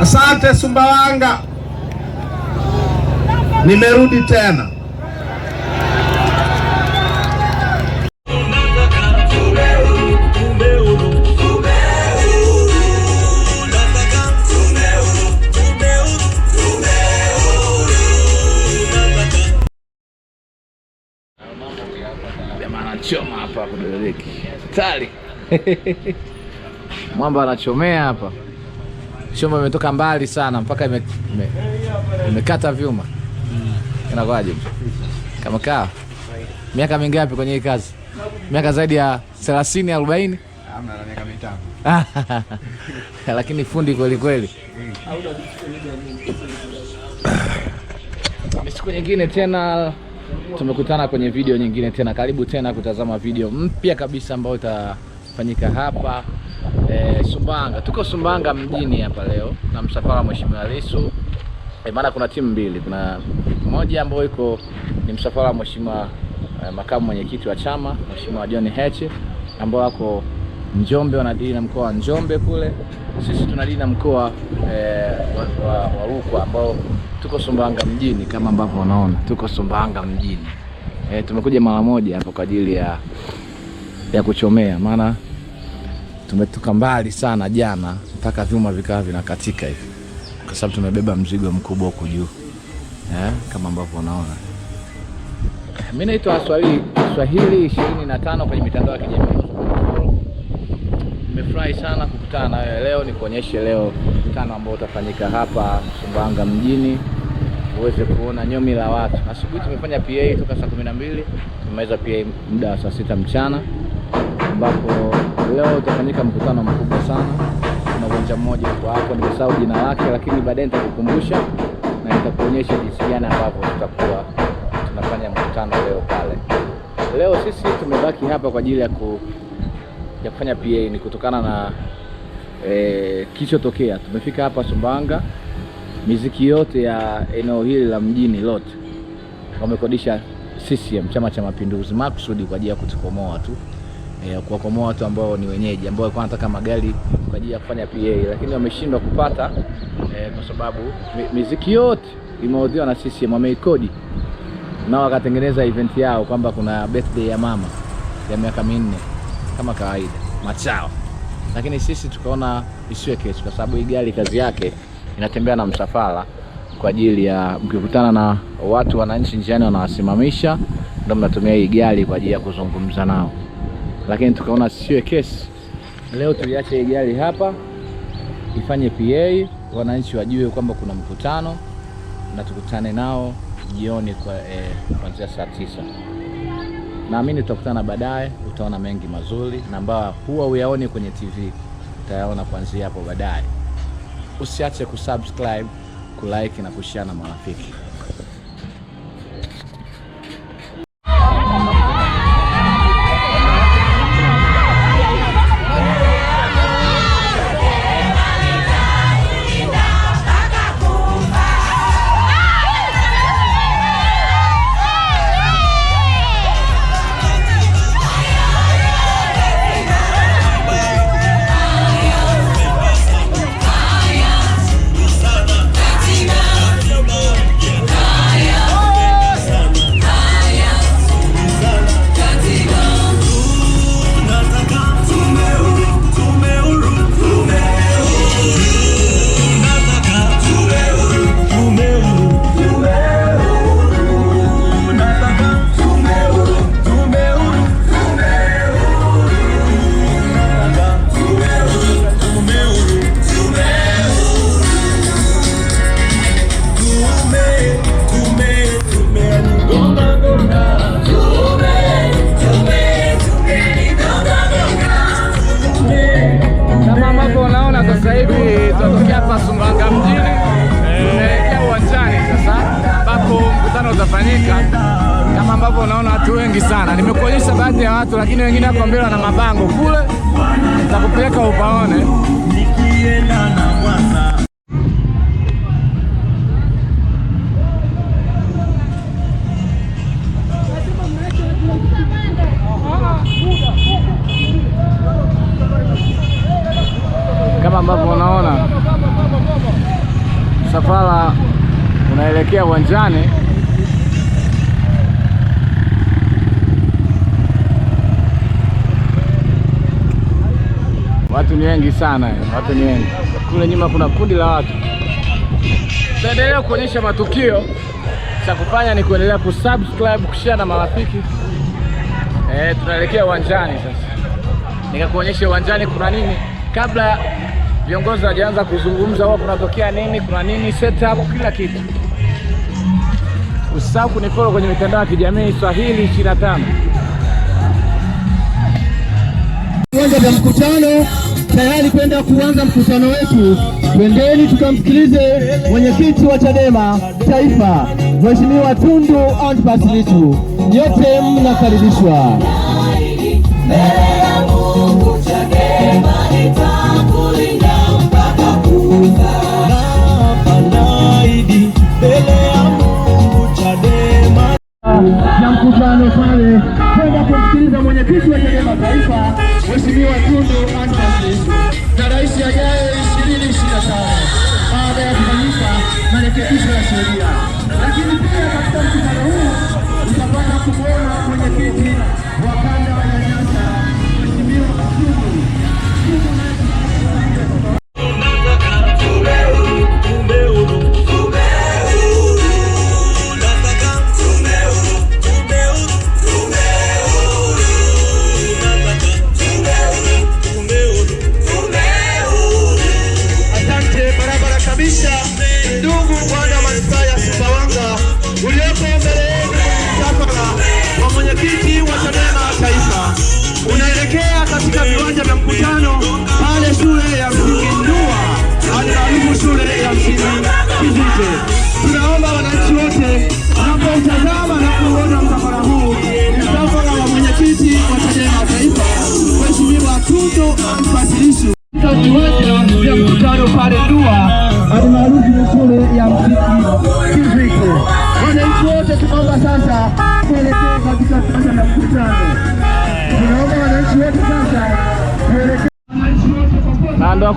Asante Sumbawanga, nimerudi tena. Anachoma hapa kudodereki mwamba anachomea hapa shombo imetoka mbali sana mpaka imekata ime, ime vyuma mm. Inakwaje kama kaa miaka mingapi kwenye hii kazi? Miaka zaidi ya thelathini arobaini lakini fundi kweli kweli. Ni siku nyingine tena tumekutana kwenye video nyingine tena, karibu tena kutazama video mpya kabisa ambayo itafanyika hapa e, Sumbawanga. Tuko Sumbawanga mjini hapa leo na msafara wa Mheshimiwa Lissu e, maana kuna timu mbili, kuna moja ambayo iko ni msafara wa Mheshimiwa e, makamu mwenyekiti wa chama Mheshimiwa John Heche ambao wako Njombe, wanadili na mkoa wa Njombe kule. Sisi tunadili na mkoa e, wa Rukwa ambao tuko Sumbawanga mjini kama ambavyo unaona tuko Sumbawanga mjini. E, tumekuja mara moja hapo kwa ajili ya ya kuchomea maana tumetoka mbali sana jana, mpaka vyuma vikawa vinakatika hivi, kwa sababu tumebeba mzigo mkubwa huku juu eh, kama ambavyo unaona. Mimi naitwa Swahili Swahili 25 kwenye mitandao ya kijamii. Nimefurahi sana kukutana na wewe leo, nikuonyeshe leo mkutano ambao utafanyika hapa Sumbawanga mjini uweze kuona nyomi la watu. Asubuhi tumefanya PA toka saa 12 tumeweza PA muda wa saa sita mchana ambapo leo utafanyika mkutano mkubwa sana. na uwanja mmoja uko hapo, nimesahau jina lake, lakini baadaye nitakukumbusha na nitakuonyesha jinsi gani ambavyo tutakuwa tunafanya mkutano leo pale. Leo sisi tumebaki hapa kwa ajili ya, ku, ya kufanya PA ni kutokana na e, kilichotokea. Tumefika hapa Sumbawanga, miziki yote ya eneo hili la mjini lote wamekodisha CCM, Chama cha Mapinduzi, makusudi kwa ajili ya kutukomoa tu eh, kuwakomoa watu ambao ni wenyeji ambao walikuwa wanataka magari kwa ajili ya kufanya PA, lakini wameshindwa kupata eh, kwa sababu miziki yote imeudhiwa na CCM, wameikodi nao wakatengeneza event yao kwamba kuna birthday ya mama ya miaka minne kama kawaida machao, lakini sisi tukaona isiwe kesi, kwa sababu hii gari kazi yake inatembea na msafara kwa ajili ya mkikutana na watu wananchi njiani wanawasimamisha, ndio mnatumia hii gari kwa ajili ya kuzungumza nao lakini tukaona siwe kesi, leo tuliacha hii gari hapa ifanye PA, wananchi wajue kwamba kuna mkutano na tukutane nao jioni kwa eh, kuanzia saa tisa. Naamini tutakutana baadaye, utaona mengi mazuri na ambao huwa uyaoni kwenye TV utayaona kuanzia hapo baadaye. Usiache kusubscribe, kulike na kushare na marafiki. watu wengi sana. Nimekuonyesha baadhi ya watu, lakini wengine hapa mbele wana mabango kule, nitakupeleka upaone. Kama ambavyo unaona msafara unaelekea uwanjani. watu ni wengi sana, watu ni wengi. Kule nyuma kuna kundi la watu. Tutaendelea kuonyesha matukio. Cha kufanya ni kuendelea kusubscribe, kushare na marafiki. Eh, tunaelekea uwanjani sasa, nikakuonyesha uwanjani kuna nini kabla viongozi hajaanza kuzungumza, huwa kunatokea nini, kuna nini setup, kila kitu. Usisahau kunifollow kwenye mitandao ya kijamii Swahili 25 viwanja vya mkutano tayari kwenda kuanza mkutano wetu. Twendeni tukamsikilize mwenyekiti wa Chadema Taifa, Mheshimiwa Tundu Antipas Lissu. Nyote mnakaribishwa. mkutano pale kwenda kumsikiliza mwenyekiti wa Chadema Taifa Mheshimiwa Tundu Antipas za rais ajaye 2025 baada ya kufanyika marekebisho ya sheria.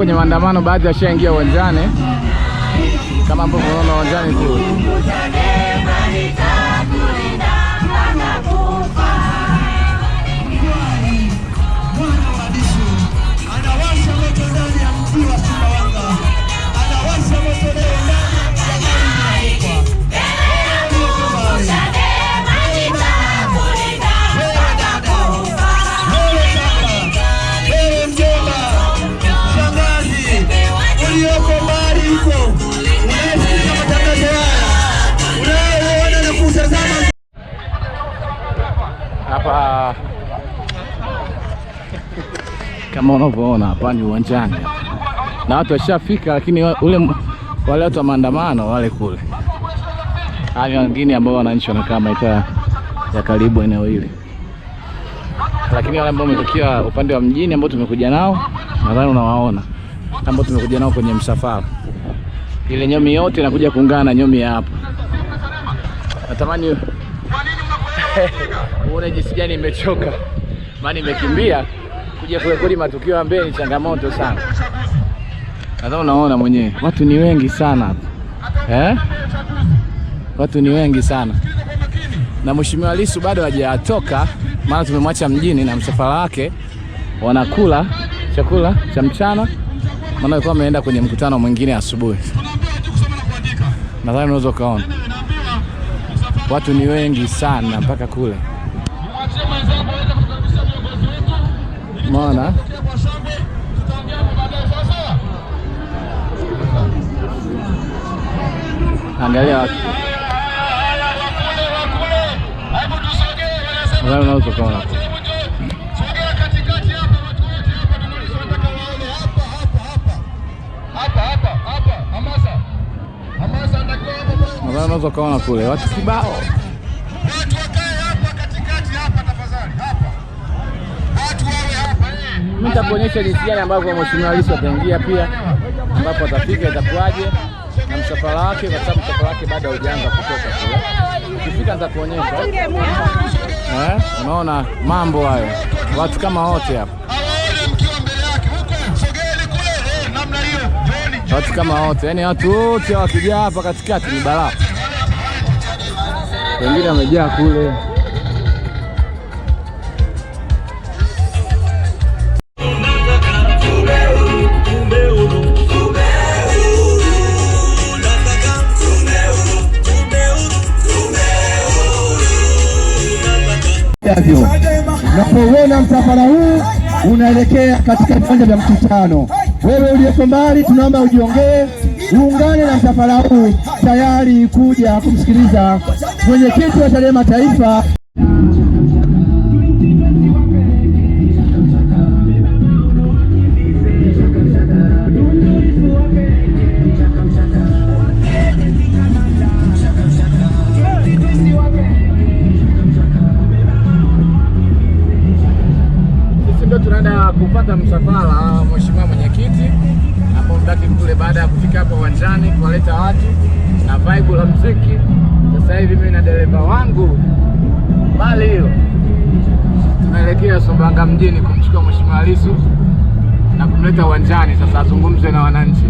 kwenye maandamano, baadhi washaingia uwanjani kama ambavyo unaona uwanjani kule. kama unavyoona hapa ni uwanjani na watu washafika, lakini ule wale watu wa maandamano wale kule, hali wengine ambao wananchi wanakaa mitaa ya karibu eneo hili, lakini wale ambao wametokea upande wa mjini ambao tumekuja nao, nadhani unawaona ambao tumekuja nao kwenye msafara. Ile nyomi yote inakuja kuungana na nyomi ya hapa. Natamani uone jinsi gani imechoka, maana imekimbia kuja kurekodi matukio ya mbele ni changamoto sana. Nadhani unaona mwenyewe watu ni wengi sana hapa eh? Watu ni wengi sana na Mheshimiwa Lissu bado hajatoka, maana tumemwacha mjini na msafara wake, wanakula chakula cha mchana, maana alikuwa ameenda kwenye mkutano mwingine asubuhi. Nadhani unaweza ukaona watu ni wengi sana mpaka kule. maana angalia unaweza ukaona kule watu kibao nitakuonyesha jinsi gani ambavyo mheshimiwa rais ataingia pia, ambapo atafika itakuwaje na msafara wake, kwa sababu msafara wake bado haujaanza kutoka. Ukifika nitakuonyesha. Eh, unaona mambo hayo, watu kama wote hapa, watu kama wote, yaani watu wote wakija hapa, katikati ni balaa, wengine wamejaa kule. vijavyo. Unapouona msafara huu unaelekea katika viwanja vya mkutano, wewe uliyeko mbali, tunaomba ujiongee, uungane na msafara huu tayari kuja kumsikiliza mwenyekiti wa CHADEMA Taifa. baada ya kupata msafara wa mheshimiwa mwenyekiti ambao mtaki kule, baada ya kufika hapo uwanjani kuwaleta watu na vibe la muziki, sasa hivi mimi na dereva wangu bali hiyo tunaelekea Sumbawanga mjini kumchukua mheshimiwa Lissu na kumleta uwanjani sasa azungumze na wananchi.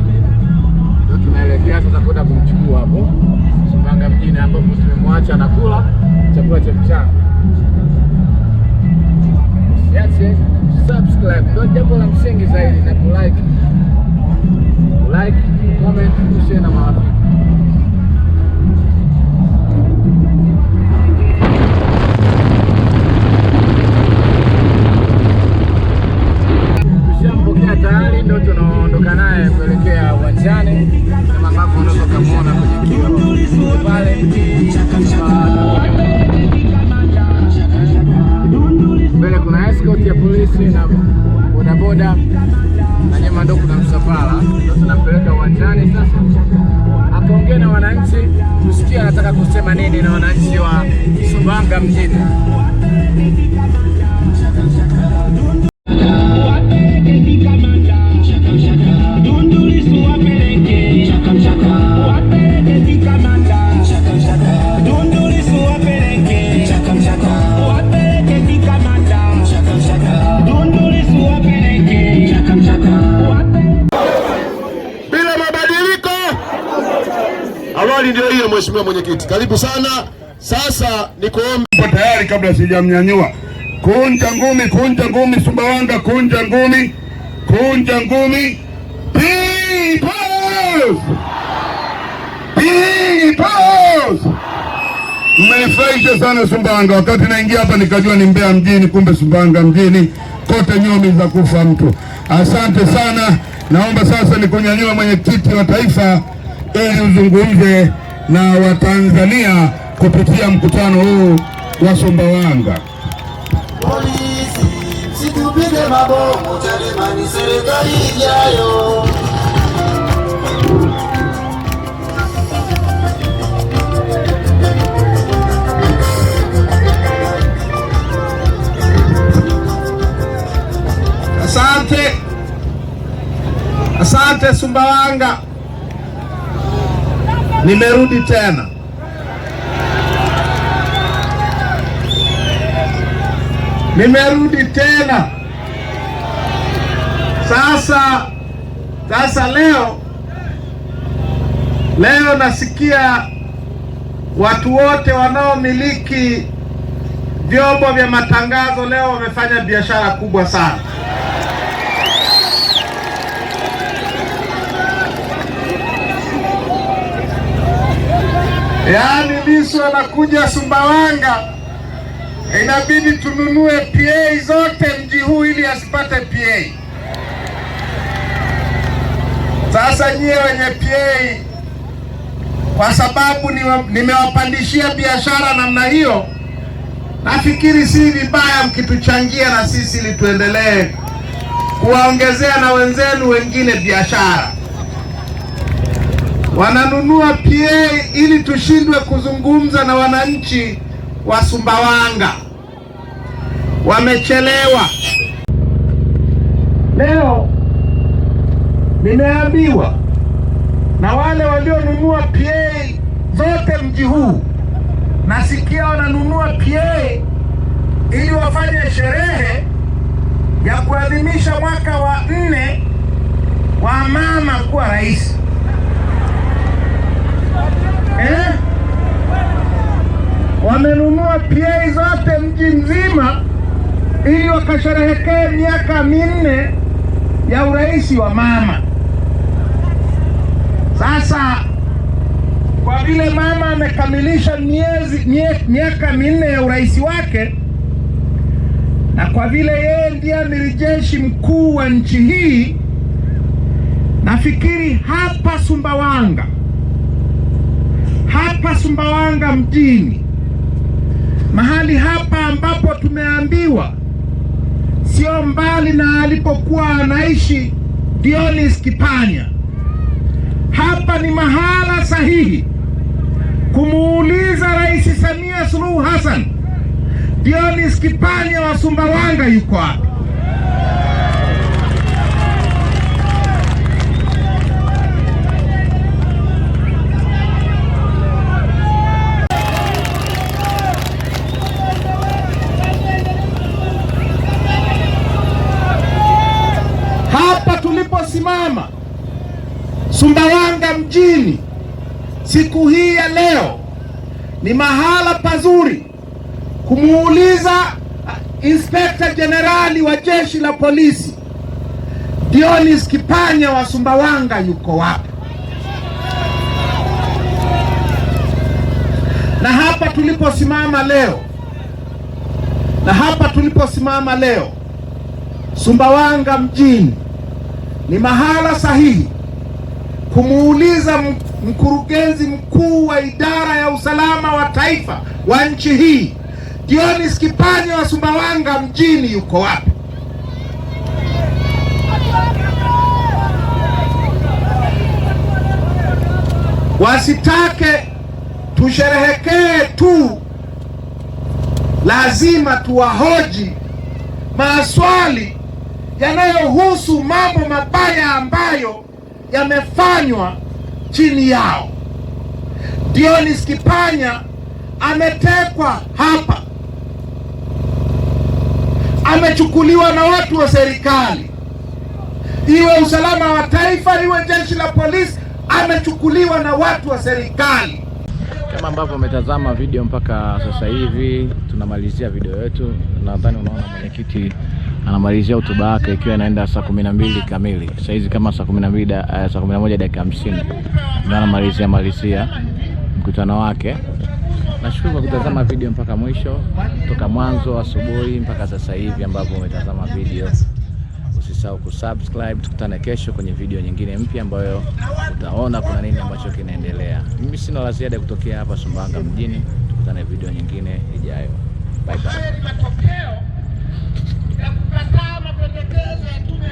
Ndio tunaelekea sasa kwenda kumchukua hapo Sumbawanga mjini, ambapo tumemwacha anakula chakula cha mchana. Yes, yes subscribe, ndio jambo la msingi zaidi, eh? na kulike, like, comment, kushare na marafiki. na wananchi wa Sumbawanga mjini. mheshimiwa mwenyekiti, karibu sana. Sasa nikuombe tayari, kabla sijamnyanyua, kunja ngumi, kunja ngumi, Sumbawanga, kunja ngumi, kunja ngumi. Mmenifurahisha sana Sumbawanga. Wakati naingia hapa nikajua ni Mbeya mjini, kumbe Sumbawanga mjini kote, nyomi za kufa mtu. Asante sana, naomba sasa nikunyanyua mwenyekiti wa taifa ili uzungumze na Watanzania kupitia mkutano huu wa Sumbawanga. Polisi situpige mabomu, Chadema ni serikali ijayo. Asante, asante Sumbawanga. Nimerudi tena nimerudi tena sasa. Sasa leo leo nasikia watu wote wanaomiliki vyombo vya matangazo leo wamefanya biashara kubwa sana. yaani Lissu anakuja Sumbawanga, inabidi tununue PA zote mji huu ili asipate PA. Sasa nyie wenye PA, kwa sababu nimewapandishia biashara namna hiyo, nafikiri si vibaya mkituchangia na sisi ili tuendelee kuwaongezea na wenzenu wengine biashara wananunua PA ili tushindwe kuzungumza na wananchi wa Sumbawanga. Wamechelewa. Leo nimeambiwa na wale walionunua PA zote mji huu, nasikia wananunua PA ili wafanye sherehe ya kuadhimisha mwaka wa nne wa mama kuwa rais eh? Wamenunua PA zote mji mzima ili wakasherehekee miaka minne ya urais wa mama. Sasa kwa vile mama amekamilisha miezi miaka minne ya urais wake, na kwa vile yeye ndiye amiri jeshi mkuu wa nchi hii, nafikiri hapa Sumbawanga Sumbawanga mjini, mahali hapa ambapo tumeambiwa sio mbali na alipokuwa anaishi Dionis Kipanya. Hapa ni mahala sahihi kumuuliza Rais Samia Suluhu Hassan, Dionis Kipanya wa Sumbawanga yuko wapi? Sumbawanga mjini siku hii ya leo ni mahala pazuri kumuuliza uh, Inspekta Jenerali wa Jeshi la Polisi Dionis Kipanya wa Sumbawanga yuko wapi? Na hapa tuliposimama leo, na hapa tuliposimama leo, Sumbawanga mjini ni mahala sahihi kumuuliza mkurugenzi mkuu wa idara ya usalama wa taifa wa nchi hii Dionis Kipanya wa Sumbawanga mjini yuko wapi? Wasitake tusherehekee tu, lazima tuwahoji maswali yanayohusu mambo mabaya ambayo yamefanywa chini yao. Dionis Kipanya ametekwa hapa, amechukuliwa na watu wa serikali, iwe usalama wa taifa, iwe jeshi la polisi, amechukuliwa na watu wa serikali. Kama ambavyo umetazama video mpaka sasa hivi, tunamalizia video yetu. Nadhani unaona mwenyekiti anamalizia hotuba yake ikiwa inaenda saa kumi na mbili kamili sahizi kama saa kumi na mbili eh, saa kumi na moja dakika hamsini ndio anamalizia malizia mkutano wake. Nashukuru kwa kutazama video mpaka mwisho, toka mwanzo asubuhi mpaka sasa hivi ambapo umetazama video. Usisahau kusubscribe, tukutane kesho kwenye video nyingine mpya ambayo utaona kuna nini ambacho kinaendelea. Mimi sina la ziada kutokea hapa Sumbawanga mjini, tukutane video nyingine ijayo. Bye bye.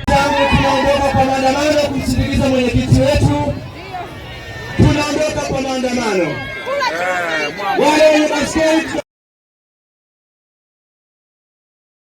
Tunaondoka kwa maandamano kumsindikiza mwenyekiti wetu, tunaondoka kwa maandamano wale wenye baiskeli